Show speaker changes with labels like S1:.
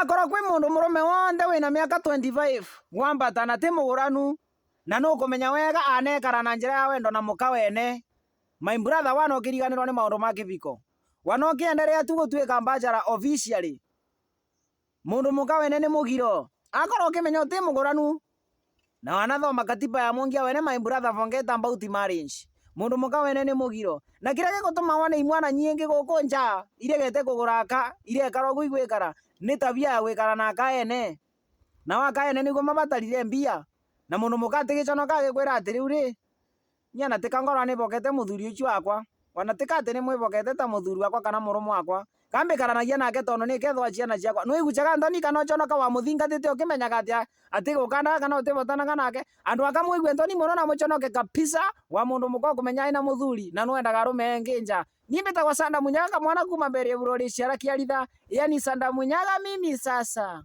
S1: akorwo kwi mũndũ mũrũme wonthe wĩna mĩaka 25 ngwambatana ti mũgũranu na nũkũmenya wega anekara na njĩra ya wendo na mũka wene my brother wanokĩriganĩrwo nĩ maũndũ ma kĩbiko wanokĩenderea tu gũtuĩka bachelor officially mũndũ mũka wene nĩ mũgiro akorwo ũkĩmenya ũtĩ mũgũranu na wanathoma katiba ya mũngia wene my brother forget about marriage mundu wene ni mugiro na kira gigutuma wane imwana nyingi guku nja iregete kuguraka karo gu igwikara ni tabia ya gwikara na akaene nao ni niguo mabatarire mbia na mundu mukatigica na kagikwira ati riu ri nyana tikangora ngorwa nibokete muthuri uchi wakwa wana tika ati nimwibokete ta muthuri wakwa kana murume wakwa kambe kambikanagia nake tondu ni kethwa ciana ciakwa ni wigucaga thoni kana chona ka wa muthingatite ukimenyaga atia ati gukana kana utibotanaga nake andu aka akamwigua ndoni mono na muconoke kabisa wa mundu muko kumenya ina muthuri na nwendaga arume engi nja ni mbitagwa Sanda Munyaga mwana kuma mbere ya burori ciara kiaritha yani Sanda Munyaga mimi sasa